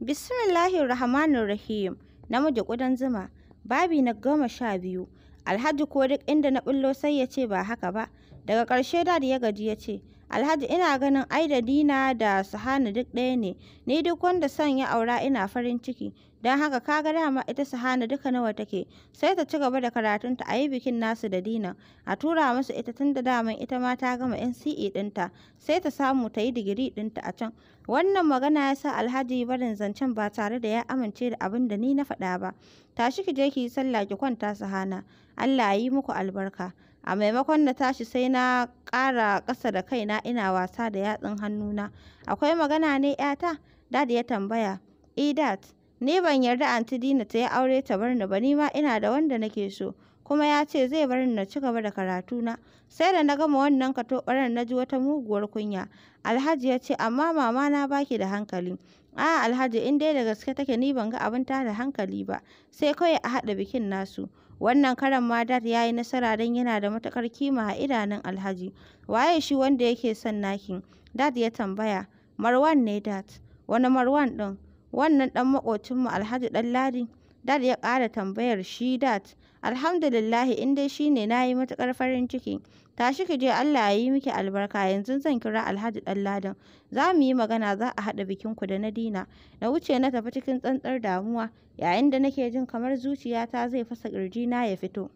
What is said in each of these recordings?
Bismillahir Rahmanir Rahim. Namiji ƙudan zuma. Babi na goma sha biyu. Alhaji ko duk inda na bullo sai ya ce ba haka ba. Daga ƙarshe da ya gaji ya ce, Alhaji ina ganin ai da Dina da sahani duk ɗaya ne. Ni duk wanda son ya aura ina farin ciki. don haka ka ga dama ita sahana duka nawa take sai ta ci gaba da karatunta a yi bikin nasu da dina a tura musu ita tun da daman ita ma ta gama NCE ɗinta sai ta samu ta yi digiri ɗinta a can wannan magana ya sa alhaji barin zancen ba tare da ya amince da abin da ni na faɗa ba tashi ki je ki yi sallah ki kwanta sahana Allah yi muku albarka a maimakon na tashi sai na ƙara ƙasa da kaina ina wasa da yatsun hannuna akwai magana ne 'yata dadi ya tambaya idat e, Ni ban yarda antidina ta yi aure ta bar ni ba, ni ma ina da wanda nake so, kuma ya ce zai bar ni na ci gaba da karatuna. Sai da na gama wannan katobarar na ji wata muguwar kunya. Alhaji ya ce, amma mama na ba ki da hankali. A'a Alhaji in dai da gaske take ni ban ga abin tada hankali ba, sai kawai a haɗa bikin nasu. Wannan karan ma Dad ya yi nasara don yana da matukar kima a idanun Alhaji. Waye shi wanda yake son naki? Dad ya tambaya. Marwan ne Dad. Wani Marwan ɗin? wannan ɗan makocinmu Alhaji Ɗanladi. Dad ya ƙara tambayar shi Dat. Alhamdulillahi in dai shi ne na yi matuƙar farin ciki. Tashi ki je Allah ya yi miki albarka yanzu zan kira Alhaji Ɗanladin. Za mu yi magana za a haɗa bikinku da na dina. Na wuce na tafi cikin tsantsar damuwa yayin da nake jin kamar zuciyata zai fasa na ya fito.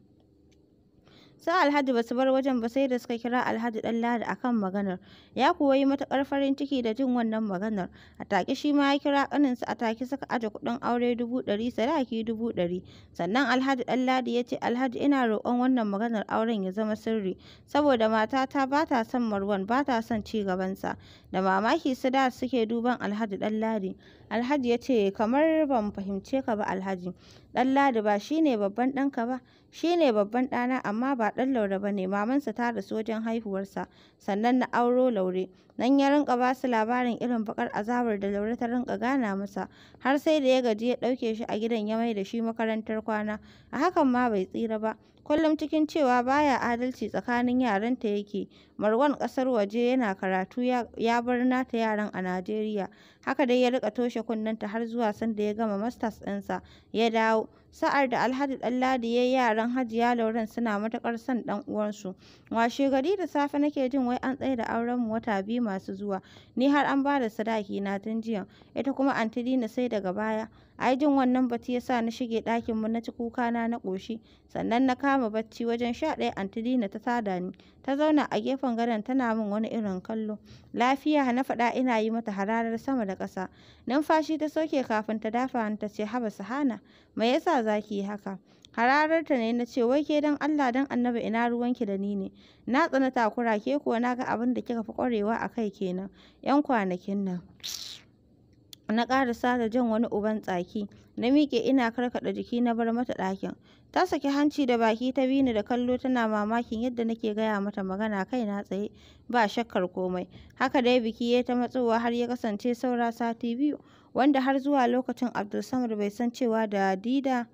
Su Alhaji ba su bar wajen ba sai da suka kira Alhaji Ɗanladi a kan maganar. Ya kuwa yi matuƙar farin ciki da jin wannan maganar. A take shi ma ya kira ƙaninsa a take suka aje kuɗin aure dubu ɗari sadaki dubu ɗari. Sannan Alhaji Ɗanladi ya ce Alhaji ina roƙon wannan maganar auren ya zama sirri. Saboda matata ba ta son Marwan ba ta son ci gabansa. Da mamaki su da suke duban Alhaji Ɗanladi. Alhaji ya ce, kamar ban fahimce ka ba Alhaji, ɗan Ladi ba shine babban ɗanka ba, shine babban ɗana amma ba ɗan Laure ba ne, mamansa ta rasu wajen haihuwarsa, sannan na auro Laure. Nan ya rinka ba su labarin irin bakar azabar da Laure ta rinka gana masa, har sai da ya gaji ya ɗauke shi a gidan ya mai da shi makarantar kwana, a hakan ma bai tsira ba, kullum cikin cewa baya adalci tsakanin yaranta yake. Marwan ƙasar waje yana karatu ya bar nata yaran a Najeriya. Haka dai ya riƙa toshe kunnenta har zuwa sanda ya gama masters ɗinsa ya dawo. Sa'ar da Alhaji Ɗanladi ya yi yaran Hajiya Lauren suna matuƙar son ɗan uwansu. Washe gari da safe nake jin wai an tsaye da aurenmu wata biyu masu zuwa. Ni har an ba da sadaki na tun jiya. Ita kuma Anti Dina sai daga baya. Ai jin wannan batu ya sa na shige ɗakinmu na ci kukana na na ƙoshi. Sannan na kama bacci wajen sha ɗaya Anti Dina ta tada ni. Ta zauna a gefen gefen gadon tana min wani irin kallo. Lafiya na faɗa ina yi mata hararar sama da ƙasa. Numfashi ta soke kafin ta dafa ni ta ce haba Hana?" me yasa za ki yi haka? Harararta ne na ce wai ke don Allah dan annabi ina ruwan ki da ni ne. Na tsana takura ke kuwa na ga abin da kika fi ƙwarewa a kai kenan. 'Yan kwanakin nan. Na ƙarasa da jan wani uban tsaki, na miƙe ina karkaɗa jiki na bar mata ɗakin. Ta saki hanci da baki ta bi ni da kallo tana mamakin yadda nake gaya mata magana kai na tsaye ba shakkar komai. Haka dai biki ya ta matsowa har ya kasance saura sati biyu, wanda har zuwa lokacin Abdulsamad bai san cewa da Dida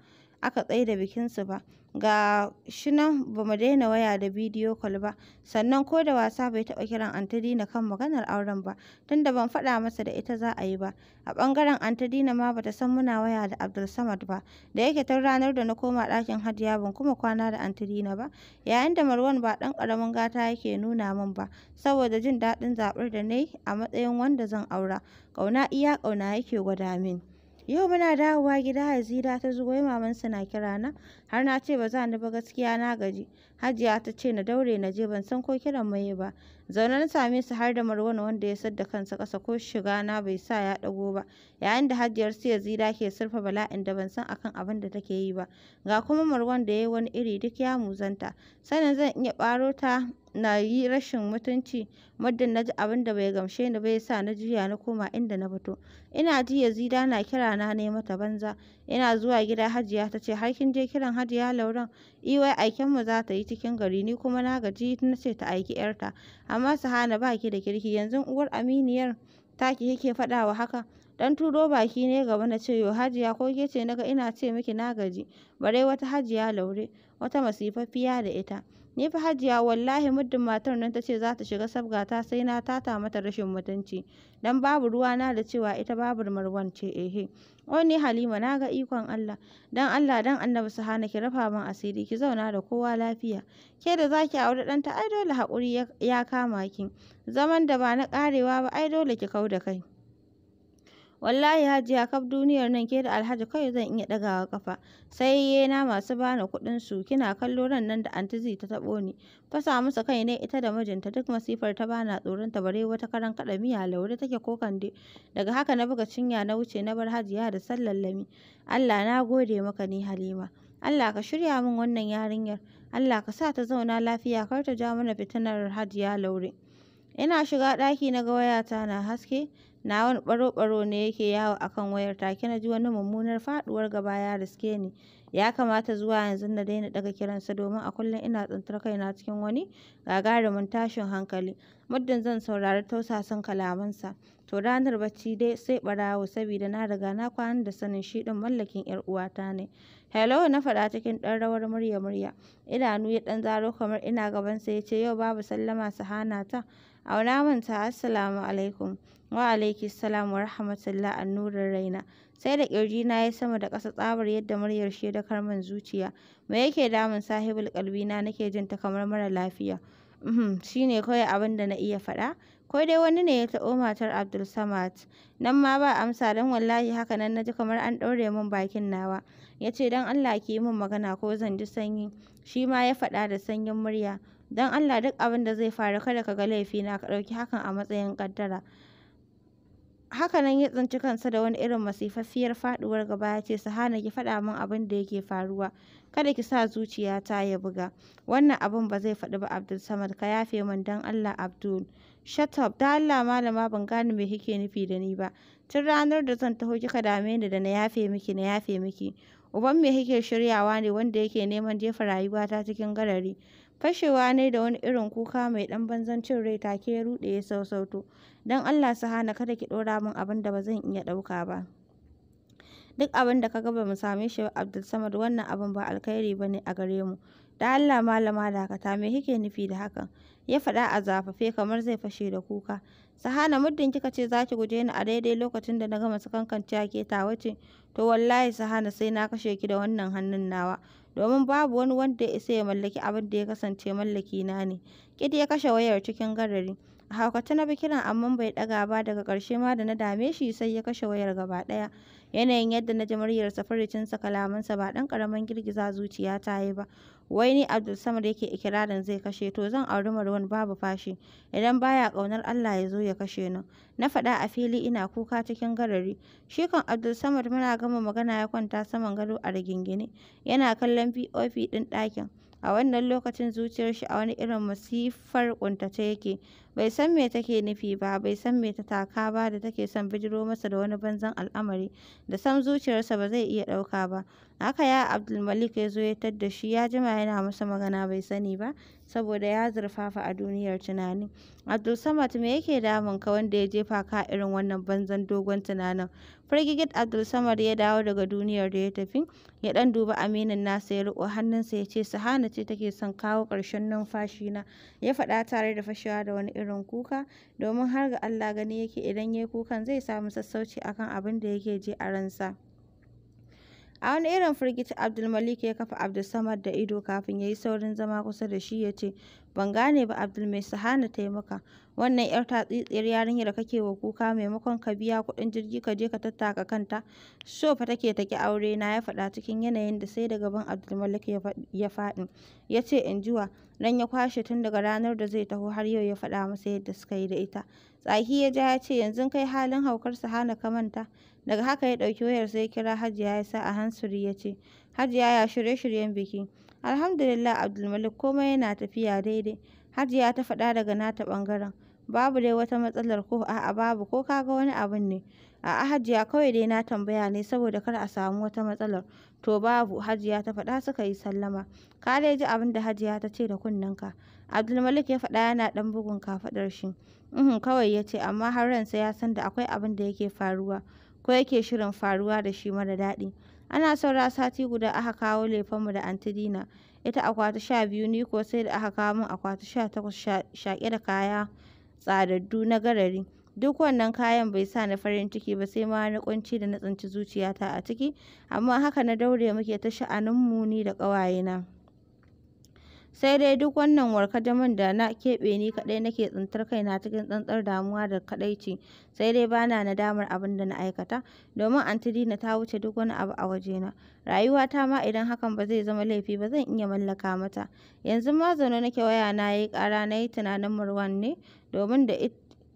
aka tsaida bikinsu ba. ga shi nan ba mu daina waya da bidiyo kwal ba sannan ko da wasa bai taɓa kiran anti kan maganar auren ba tunda ban faɗa masa da ita za a yi ba a ɓangaren anti ma bata san muna waya da abdulsamad ba da yake tun ranar da na koma ɗakin hadiya ban kuma kwana da anti ba yayin da marwan ba ɗan ƙaramin gata yake nuna min ba saboda jin daɗin zaɓar da na yi a matsayin wanda zan aura ƙauna iya ƙauna yake gwada min Yau muna dawowa gida Hazira ta zo wai mamansu na kira na har na ce ba za ni ba gaskiya na gaji. Hajiya ta ce na daure na je ban san ko kiran mai ba. zaune na same su har da marwan wanda ya sadda kansa ƙasa ko shiga na bai sa ya ɗago ba yayin da hajiyar su zida ke surfa bala'in da ban san akan abin da take yi ba ga kuma marwan da ya yi wani iri duk ya muzanta sannan zan iya ɓaro ta na yi rashin mutunci muddin na ji abin da bai gamshe ni bai sa na juya na koma inda na fito ina ji zida na kira na ne mata banza ina zuwa gida hajiya ta ce har kin je kiran hajiya lauran iwai e, aiken mu za ta yi cikin gari ni kuma na gaji na ce ta aiki yarta amma Sahana ba ki da kirki yanzu uwar aminiyar taki kike faɗa wa haka dan turo baki ne gaba na ce yo hajiya ko ke ce naga ina ce miki na gaji bare wata hajiya laure wata masifaffiya da ita ni fa hajiya wallahi muddin matar nan ta ce za ta shiga sabgata sai na tata mata rashin mutunci dan babu ruwa na da cewa ita babur marwan ce ehe o ni halima na ga ikon allah dan allah dan annabi su ki rafa min asiri ki zauna da kowa lafiya ke da zaki aure ta ai dole hakuri ya kama ki zaman da ba na karewa ba ai dole ki kau da kai wallahi hajiya kaf duniyar nan ke da alhaji kawai zan iya ɗagawa kafa sai na masu bani kuɗin su kina kallo ran nan da antizi ta taɓo ni fasa musu kai ne ita da mijinta duk masifar ta bana tsoron ta bare wata karan kaɗa miya laure take ko kande daga haka na buga cinya na wuce na bar hajiya da sallallami Allah na gode maka ni Halima Allah ka shirya min wannan yarinyar Allah ka sa ta zauna lafiya kar ta ja mana fitinar hajiya laure ina shiga ɗaki na ga wayata na haske nawa ɓaro-ɓaro ne yake yawo a kan wayar take na ji wani mummunar faɗuwar gaba ya riske ni ya kamata zuwa yanzu na daina ɗaga kiransa domin a kullum ina tsintar kaina cikin wani gagarumin tashin hankali muddin zan saurari tausasan kalamansa to ranar bacci dai sai ɓarawo saboda na riga na kwana da sanin shi ɗin mallakin 'yar uwata ne hello na faɗa cikin ɗan rawar murya murya idanu ya ɗan zaro kamar ina gabansa ya ce yau babu sallama su hana ta auna manta assalamu alaikum wa alaiki salam wa rahmatullah nurin raina sai da kirji na ya sama da ƙasa tsabar yadda muryar shi da karman zuciya me yake damun sahibul kalbi na nake jin ta kamar mara lafiya uhm, shi ne kawai abin da na iya faɗa ko dai wani ne ya taɓo matar abdul samad nan ma ba amsa don wallahi haka nan na ji kamar an ɗaure min bakin nawa ya ce don allah ki yi min magana ko zan ji sanyi shi ma ya faɗa da sanyin murya don allah duk abin da zai faru kada ka ga laifi na ka ɗauki hakan a matsayin ƙaddara Haka nan ya tsinci kansa da wani irin masifaffiyar faduwar gaba ya ce, Sahana ki faɗa min abin da yake faruwa, kada ki sa zuciyata ya buga, wannan abin ba zai faɗi ba Abdul Samad ka yafe min dan Allah Abdul. Shut up, da Allah malama ban gane me kike nufi da ni ba, tun ranar da zan taho kika dame ni da na yafe miki na yafe miki. Uban me kike shiryawa ne wanda yake neman jefa rayuwata cikin garari. Fashewa ne da wani irin kuka mai ɗan banzan cin rai take ya ruɗe ya sassauto, don Allah su hana kada ki ɗora min abin da ba zan iya ɗauka ba. duk abin da ka ba mu same shi ba Abdulsamad wannan abin ba alkhairi bane a gare mu da Allah malama dakata me kike nufi da hakan ya faɗa a zafafe kamar zai fashe da kuka sahana muddin kika ce zaki guje ni a daidai lokacin da na gama sakankanciya ke ta wace to wallahi sahana sai na kashe ki da wannan hannun nawa domin babu wani wanda ya isa ya mallaki abin da ya kasance mallaki na ne kit ya kashe wayar cikin garari A na bi kiran amma bai ɗaga ba daga ƙarshe ma da na dame shi sai ya kashe wayar gaba ɗaya. Yanayin yadda na ji muryarsa furicinsa kalamansa ba ɗan ƙaramin girgiza zuciya ta yi ba. Wai ni Abdul Samad yake ikirarin zai kashe to zan auri Marwan babu fashi idan baya ƙaunar Allah ya zo ya kashe ni. Na faɗa a fili ina kuka cikin garari. Shi kan Abdul Samad muna gama magana ya kwanta saman gado a rigingine yana kallon POP ɗin ɗakin. a wannan lokacin zuciyar shi a wani irin masifar ƙuntace yake bai san me take nufi ba bai san me ta taka ba da take son bijiro masa da wani banzan al'amari da sam zuciyarsa ba zai iya ɗauka ba Haka ya Abdulmalik ya zo ya tadda shi ya jima yana masa magana bai sani ba saboda ya zurfafa a duniyar tunani. Abdulsamad me yake damun ka wanda ya jefa ka irin wannan banzan dogon tunanin. Firgigit Abdulsamad ya dawo daga duniyar da ya tafi ya dan dubi aminin nasa ya riko hannunsa ya ce Sahana ce take son kawo ƙarshen na ya faɗa tare da fashewa da wani irin kuka domin har ga Allah gani yake idan ya yi kukan zai samu sassauci akan abin da yake je a ransa. A wani irin firgici Abdulmalik ya kafa Abdulsamad da ido kafin ya yi saurin zama kusa da shi ya ce, Ban gane ba Abdul mai sahana ta maka. Wannan 'yar tatsitsiyar yarinya da kake wa kuka maimakon ka biya kuɗin jirgi ka je ka tattaka kanta. So fa take ta ki aure na ya faɗa cikin yanayin da sai da gaban Abdulmalik ya faɗi. Ya ce in jiwa, nan ya kwashe tun daga ranar da zai taho har yau ya faɗa masa yadda suka yi da ita. Tsaki ya ja ya ce yanzu kai halin haukar sahana ka manta. Daga haka ya ɗauki wayar sai ya kira Hajiya ya sa a hansuri ya ce, Hajiya ya shirye-shiryen biki. Alhamdulillah Abdulmalik komai yana tafiya daidai. Hajiya ta faɗa daga nata ɓangaren. Babu dai wata matsalar ko a'a babu ko kaga wani abin ne. A'a Hajiya kawai dai na tambaya ne saboda kar a samu wata matsalar. To babu Hajiya ta faɗa suka yi sallama. Ka dai ji abin da Hajiya ta ce da kunnenka. Abdulmalik ya faɗa yana ɗan bugun kafaɗar shi. Uhm, kawai ya ce amma har ransa ya san da akwai abin da yake faruwa. ko yake shirin faruwa da shi mara daɗi. Ana saura sati guda aka kawo lefenmu da antidina ita akwati sha biyu ni ko sai da aka kawo min akwati sha takwas shaƙe da kaya tsadaddu na garari. Duk wannan kayan bai sa ni farin ciki ba sai ma na kunci da na tsinci zuciyata a ciki, amma haka na daure muke ta sha'aninmu ni da ƙawayena. Sai dai duk wannan warkajamin da na keɓe ni kaɗai nake tsintar kaina cikin tsantsar damuwa da kaɗaici, sai dai bana na nadamar abin da na aikata, domin antidina ta wuce duk wani abu a wajena. Rayuwata ma idan hakan ba zai zama laifi ba zan iya mallaka mata. Yanzu ma zaune nake wayana ya yi ƙara na yi tunanin Marwan ne, domin da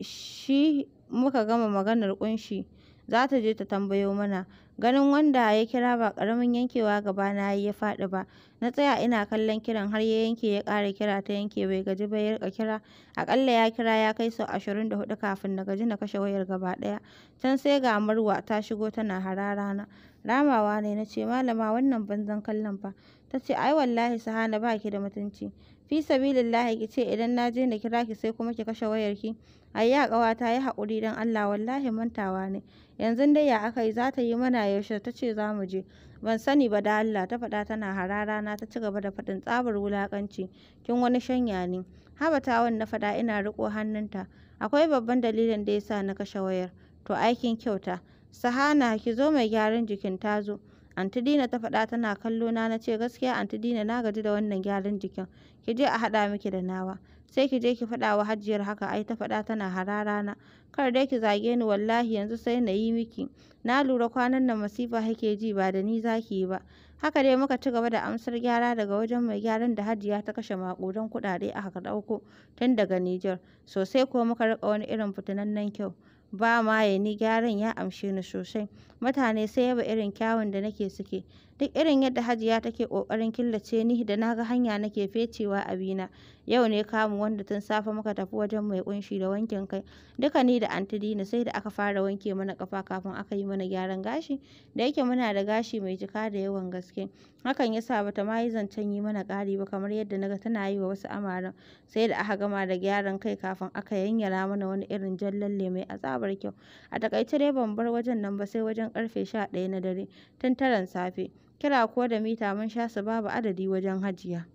shi muka gama maganar ƙunshi, za ta je ta tambayo mana. Ganin wanda ya kira ba ƙaramin yankewa gaba na yi ya faɗi ba. Na tsaya ina kallon kiran har ya yanke ya ƙara kira ta yanke bai gaji ba ya kira. Aƙalla ya kira ya kai sau ashirin da hudu kafin na gaji na kashe wayar gaba ɗaya. Can sai ga Marwa ta shigo tana harara na Ramawa ne na ce malama wannan banzan kallon fa. Ta ce ai wallahi Sahana ba ki da mutunci. Fi sabilillahi ki ce idan na je na kira ki sai kuma ki kashe wayarki. Ayya ƙawata ya haƙuri don Allah wallahi mantawa ne. yanzu dai ya aka yi za ta yi mana yaushe ta ce za mu je ban sani ba da Allah ta faɗa tana harara na ta ci gaba da faɗin tsabar wulakanci kin wani shanya ne haba ta habatawan na faɗa ina riƙo hannunta akwai babban dalilin da yasa na kashe wayar to aikin kyauta sahana ki zo mai gyaran jikin ta zo anti dina ta faɗa tana kallo na na ce gaskiya anti dina na gaji da wannan gyaran jikin ki je a haɗa miki da nawa sai ki je ki faɗa wa hajiyar haka ai ta faɗa tana harara na kar dai ki zage ni wallahi yanzu sai na yi miki na lura kwanan nan masifa kake ji ba da ni zaki yi ba haka dai muka ci gaba da amsar gyara daga wajen mai gyaran da hajiya ta kashe maƙudan kuɗaɗe aka ɗauko tun daga Nijar sosai ko muka riƙa wani irin fitinannen kyau ba ma ya ni gyaran ya amshe ni sosai mutane sai yaba irin kyawun da nake suke Duk irin yadda Hajiya take ƙoƙarin killace ni da na ga hanya nake fecewa a abina. Yau ne kamu wanda tun safe muka tafi wajen mai ƙunshi da wankin kai. Duka ni da antidina sai da aka fara wanke mana kafa kafin aka yi mana gyaran gashi. Da yake muna da gashi mai jika da yawan gaske. Hakan ya sa bata ma yi zancen yi mana ƙari ba kamar yadda na ga tana yi wa wasu amaran. Sai da aka gama da gyaran kai kafin aka yanyara mana wani irin jan lalle mai azabar kyau. A taƙaice dai ban bar wajen nan ba sai wajen ƙarfe sha ɗaya na dare tun taran safe. kira kuwa da mita mun sha su babu adadi wajen Hajiya.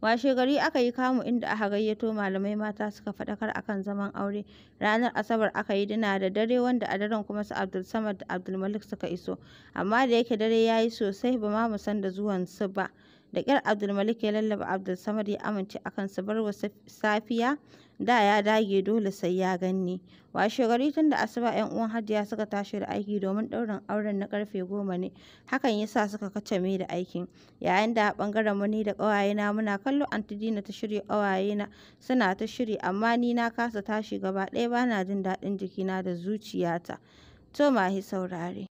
washe gari aka yi kamu inda aka gayyato malamai mata suka faɗakar akan zaman aure ranar asabar aka yi dina da dare wanda a daren kuma su abdul samad da abdul malik suka iso amma da yake dare ya yi sosai ba ma mu san da zuwan su ba da ƙyar abdulmalik ya lallaba abdulsamad ya amince akan su bar wa safiya da ya dage dole sai ya ganni washe gari tun da asuba yan uwan hajiya suka tashi da aiki domin ɗaurin auren na karfe goma ne hakan ya sa suka kace me da aikin yayin da ɓangaren mu ni da na muna kallo antidina ta shirya na suna ta shiri amma ni na kasa tashi gaba ɗaya bana jin daɗin jikina da zuciyata to mahi saurare